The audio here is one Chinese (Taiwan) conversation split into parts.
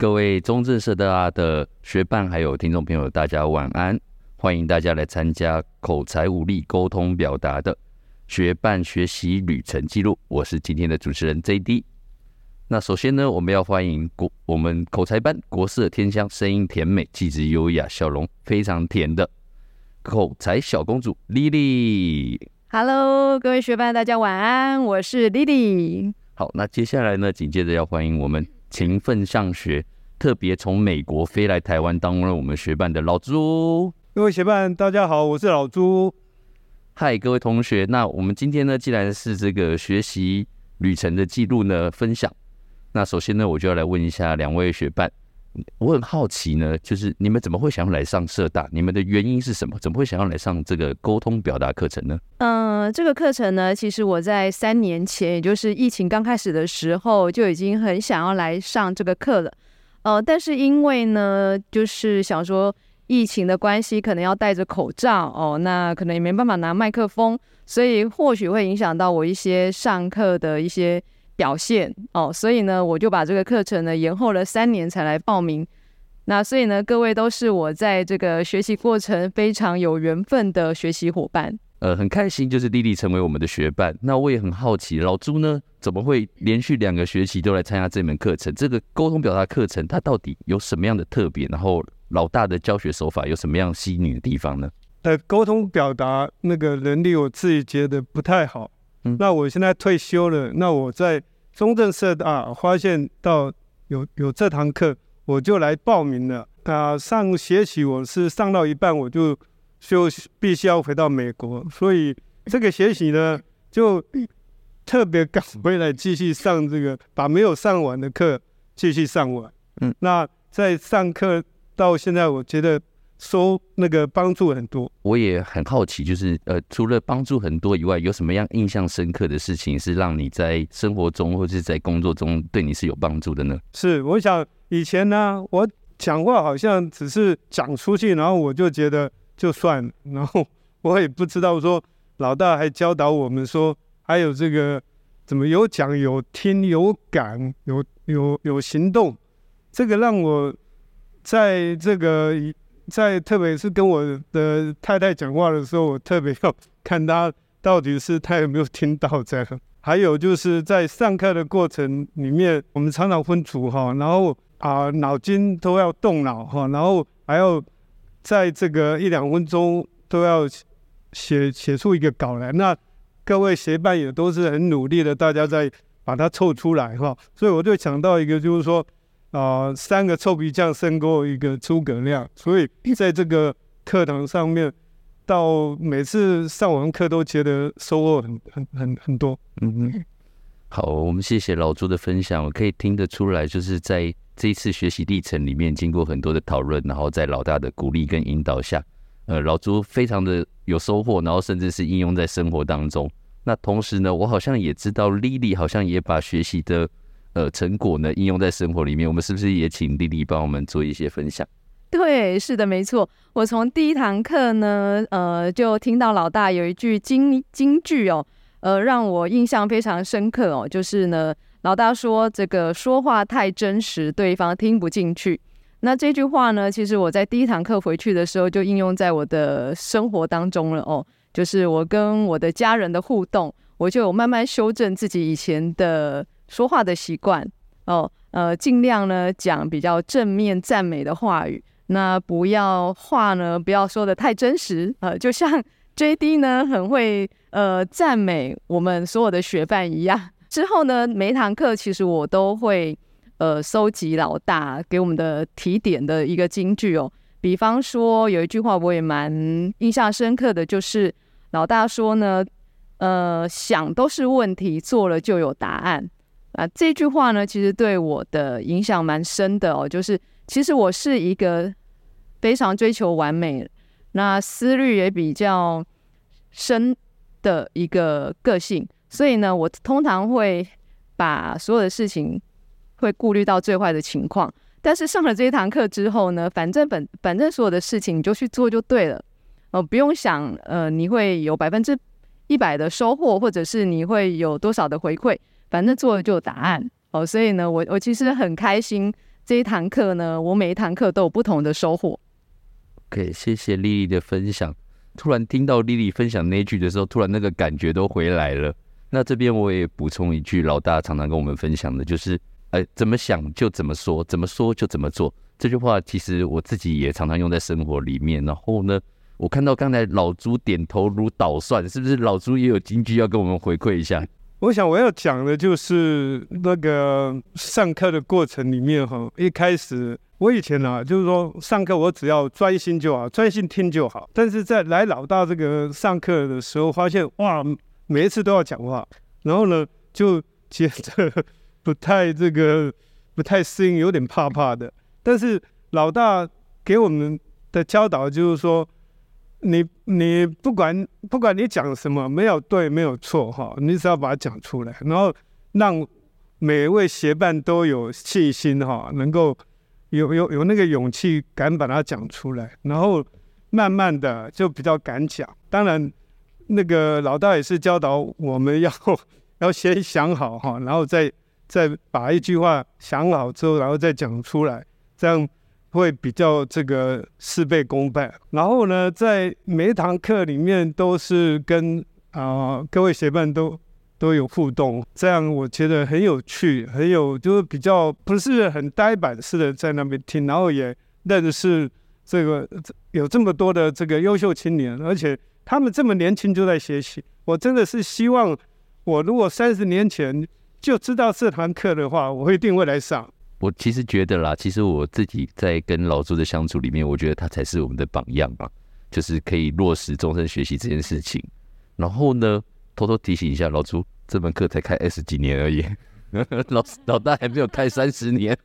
各位中正社大的學伴，還有聽眾朋友，大家晚安！歡迎大家來參加口才五力溝通表達的學伴學習旅程記錄。我是今天的主持人 JD。那首先呢，我們要歡迎國我們口才班國色天香，聲音甜美，氣質優雅，笑容非常甜的口才小公主 Lily。Hello，各位學伴，大家晚安，我是 Lily。好，那接下來呢，緊接着要歡迎我們。勤奮上學，特別從美國飛來台灣當了我們學伴的老朱。各位學伴，大家好，我是老朱。嗨，各位同學，那我們今天呢，既然是這個學習旅程的記錄呢、分享，那首先呢，我就要來問一下兩位學伴。我很好奇呢，就是你們怎麼會想要來上社大？你們的原因是什麼？怎麼會想要來上這個溝通表達課程呢？嗯，這個課程呢，其實我在三年前，也就是疫情剛開始的時候，就已經很想要來上這個課了。哦、嗯，但是因為呢，就是想說疫情的關係，可能要戴着口罩哦，那可能也沒辦法拿麥克風，所以或許會影響到我一些上課的一些，表現哦，所以呢，我就把這個課程呢延後了三年才來報名。那所以呢，各位都是我在這個學習過程非常有緣分的學習夥伴。呃，很開心，就是麗麗成為我們的學伴。那我也很好奇，老朱呢怎麼會連續兩個學期都來參加這門課程？這個溝通表達課程它到底有什麼樣的特別？然後老大的教學手法有什麼樣吸引的地方呢？呃，溝通表達那個能力，我自己覺得不太好。嗯，那我現在退休了，那我在中正社啊發現到有有這堂課，我就來報名了。啊，上學習我是上到一半，我就就必須要回到美國，所以這個學習呢就特別趕回來繼續上這個，把沒有上完的課繼續上完。嗯，那在上課到現在，我覺得。收、so, 那個幫助很多，我也很好奇，就是呃，除了幫助很多以外，有什麼樣印象深刻的事情是讓你在生活中或是在工作中對你是有幫助的呢？是，我想以前呢、啊，我講話好像只是講出去，然後我就覺得就算了，然後我也不知道說，老大還教導我們說，還有這個怎麼有講有聽有感有有有，有行動，這個讓我在這個。在特別是跟我的太太講話的時候，我特別要看她到底是她有沒有聽到這樣。還有就是在上課的過程裡面，我們常常分組哈，然後啊腦筋都要動腦哈，然後還要在這個一兩分鐘都要寫寫出一個稿來。那各位學伴也都是很努力的，大家在把它湊出來哈。所以我就想到一個，就是說，啊、呃，三個臭皮匠勝過一個諸葛亮，所以在這個課堂上面，到每次上完課都覺得收穫很很很很多。嗯嗯，好，我們謝謝老朱的分享。我可以聽得出來，就是在這一次學習歷程裡面，經過很多的討論，然後在老大的鼓勵跟引導下，呃，老朱非常的有收穫，然後甚至是應用在生活當中。那同時呢，我好像也知道 Lily 好像也把學習的。呃，成果呢，應用在生活裡面，我們是不是也請 Lily 幫我們做一些分享？對，是的，沒錯。我從第一堂課呢，呃，就聽到老大有一句金金句哦，呃，讓我印象非常深刻哦，就是呢，老大說這個說話太真實，對方聽不進去。那這句話呢，其實我在第一堂課回去的時候就應用在我的生活當中了哦，就是我跟我的家人的互動，我就有慢慢修正自己以前的。說話的習慣哦，呃，盡量呢講比較正面讚美的話語，那不要話呢不要說的太真實，呃，就像 JD 呢很會呃讚美我們所有的學伴一樣。之後呢，每一堂課其實我都會呃蒐集老大給我們的提點的一個金句哦。比方說有一句話我也蠻印象深刻的，就是老大說呢，呃，想都是問題，做了就有答案。啊，這句話呢，其實對我的影響蠻深的哦。就是，其實我是一個非常追求完美，那思慮也比較深的一個個性。所以呢，我通常會把所有的事情會顧慮到最壞的情況。但是上了這一堂課之後呢，反正本反，反正所有的事情你就去做就對了，哦，不用想，呃，你會有百分之一百的收穫，或者是你會有多少的回饋。反正做了就有答案，哦，所以呢，我我其實很開心這一堂課呢，我每一堂課都有不同的收穫。OK，謝謝莉莉的分享。突然聽到莉莉分享那一句的時候，突然那個感覺都回來了。那這邊我也補充一句，老大常常跟我們分享的就是，哎、呃，怎麼想就怎麼說，怎麼說就怎麼做。這句話其實我自己也常常用在生活裡面。然後呢，我看到剛才老朱點頭如搗蒜，是不是老朱也有金句要跟我們回饋一下？我想我要講的就是那個上課的過程裡面哈，一開始我以前呢、啊、就是說上課我只要專心就好，專心聽就好。但是在來老大這個上課的時候，發現哇，每一次都要講話，然後呢就覺得不太這個不太適應，有點怕怕的。但是老大給我們的教導就是說。你你，不管不管你講什麼，沒有對沒有錯哈、哦，你只要把它講出來，然後讓每一位協辦都有信心哈、哦，能夠有有有那個勇氣敢把它講出來，然後慢慢的就比較敢講。當然，那個老大也是教導我們要要先想好哈、哦，然後再再把一句話想好之後，然後再講出來，這樣，會比較這個事倍功半。然後呢，在每一堂課裡面都是跟啊、呃、各位學伴都都有互動，這樣我覺得很有趣，很有，就是比較不是很呆板似的在那邊聽，然後也認識這個有這麼多的這個優秀青年，而且他們這麼年輕就在學習，我真的是希望我如果三十年前就知道這堂課的話，我一定會來上。我其實覺得啦，其實我自己在跟老朱的相處裡面，我覺得他才是我們的榜樣嘛，就是可以落實終身學習這件事情。然後呢，偷偷提醒一下老朱，這門課才開二十幾年而已， 老老大還沒有開三十年。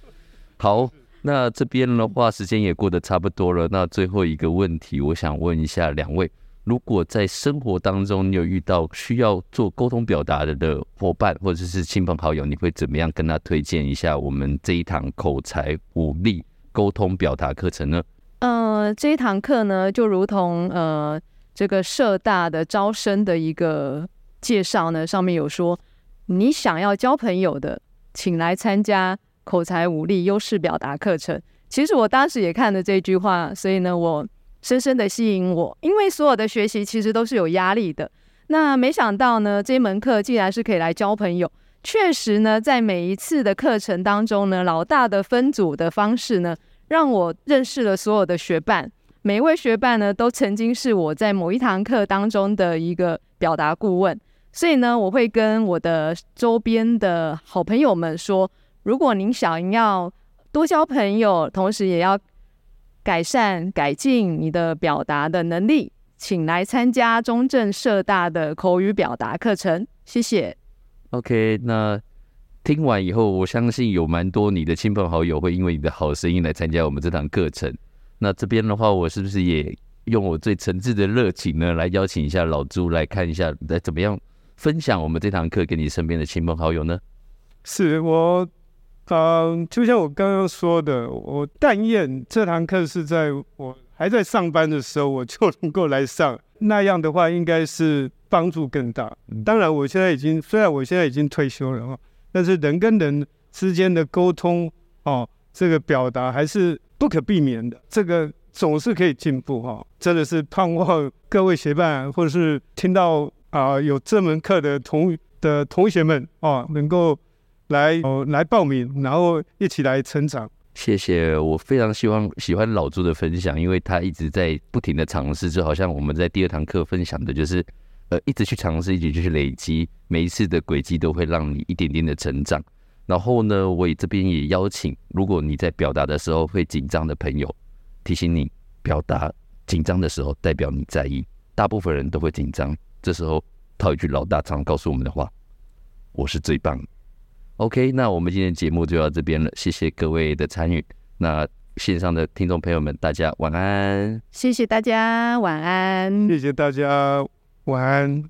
好，那這邊的話，時間也過得差不多了。那最後一個問題，我想問一下兩位。如果在生活當中你有遇到需要做溝通表達的的夥伴或者是親朋好友，你會怎麼樣跟他推薦一下我們這一堂口才五力溝通表達課程呢？嗯、呃，這一堂課呢，就如同呃這個社大的招生的一個介紹呢，上面有說，你想要交朋友的，請來參加口才五力優勢表達課程。其實我當時也看了這句話，所以呢，我，深深的吸引我，因為所有的學習其實都是有壓力的。那沒想到呢，這門課竟然是可以來交朋友。確實呢，在每一次的課程當中呢，老大的分組的方式呢，讓我認識了所有的學伴。每一位學伴呢，都曾經是我在某一堂課當中的一個表達顧問。所以呢，我會跟我的周邊的好朋友們說，如果您想要多交朋友，同時也要。改善、改進你的表達的能力，請來參加中正社大的口語表達課程。謝謝。OK，那聽完以後，我相信有蠻多你的親朋好友會因為你的好聲音來參加我們這堂課程。那這邊的話，我是不是也用我最誠摯的熱情呢，來邀請一下老朱來看一下，來怎麼樣分享我們這堂課給你身邊的親朋好友呢？是我。嗯，uh, 就像我剛剛說的，我但願這堂課是在我還在上班的時候，我就能夠來上。那樣的話，應該是幫助更大。嗯、當然，我現在已經雖然我現在已經退休了哈、哦，但是人跟人之間的溝通哦，這個表達還是不可避免的，這個總是可以進步哈、哦。真的是盼望各位學伴或者是聽到啊、呃、有這門課的同的同學們啊、哦，能夠。來哦，來報名，然後一起來成長。謝謝，我非常希望喜歡老朱的分享，因為他一直在不停的嘗試，就好像我們在第二堂課分享的，就是呃，一直去嘗試，一直去累積，每一次的軌跡都會讓你一點點的成長。然後呢，我也這邊也邀請，如果你在表達的時候會緊張的朋友，提醒你，表達緊張的時候代表你在意。大部分人都會緊張，這時候套一句老大常常告訴我們的話，我是最棒的。OK，那我們今天的節目就到這邊了，謝謝各位的參與。那線上的聽眾朋友們，大家晚安。謝謝大家，晚安。謝謝大家，晚安。